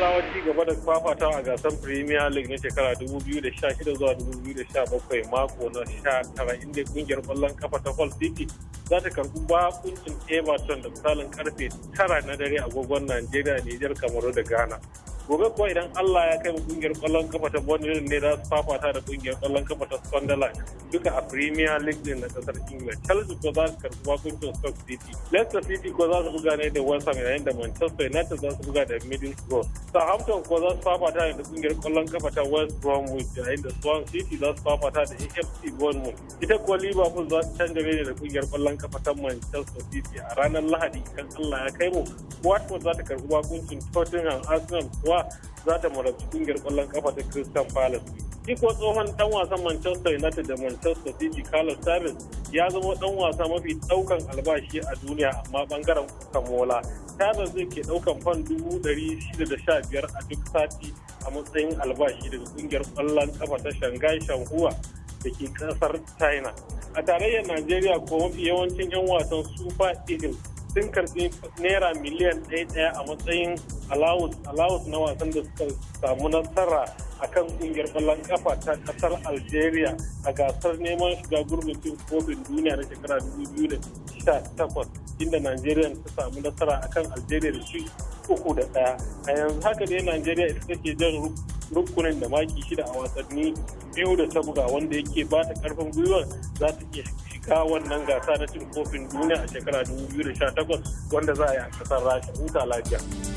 gazawa ci gaba da fafata a gasar premier league na shekara 2016 zuwa 2017 mako na 19 inda kungiyar kwallon kafa ta hall city za ta karbi bakuncin everton da misalin karfe 9 na dare agogon nigeria nijar kamaru da ghana gobe ko idan Allah ya kai kungiyar kwallon kafa ta Bournemouth ne za su fafata da kungiyar kwallon kafa ta Sunderland duka a Premier League din na kasar England Chelsea ko za su karbi wakuncin Stoke City Leicester City ko za su buga ne da West Ham yayin da Manchester United za su buga da Middlesbrough Southampton ko za su fafata da kungiyar kwallon kafa ta West Bromwich yayin da Swan City za su fafata da AFC Bournemouth ita ko Liverpool za su canja ne da kungiyar kwallon kafa ta Manchester City a ranar Lahadi idan Allah ya kai mu Watford za ta karbi wakuncin Tottenham Arsenal za ta marabci kungiyar kwallon kafa ta Crystal Palace. Shi kuwa tsohon dan wasan Manchester United da Manchester City Carlos Tevez ya zama dan wasa mafi daukan albashi a duniya amma bangaren Kamola. Tevez zai ke daukan fan dubu shida biyar a duk sati a matsayin albashi daga kungiyar kwallon kafa ta Shanghai Shanghua da ke kasar China. A tarayyar Najeriya ko mafi yawancin 'yan wasan Super Eagles sun karbi naira miliyan ɗaya ɗaya a matsayin allowance na wasan da suka samu nasara a kan kungiyar ballon kafa ta kasar algeria a gasar neman shiga gurbin cin kofin duniya na shekara 2018 inda nigeria ta samu nasara a kan algeria da shi uku da ɗaya a yanzu haka dai nigeria ita take jan rukunin da maki shida a wasanni biyu da ta buga wanda yake ba ta karfin gwiwar za ta iya shiga wannan gasa na cin kofin duniya a shekara 2018 wanda za a yi a kasar rasha huta lafiya.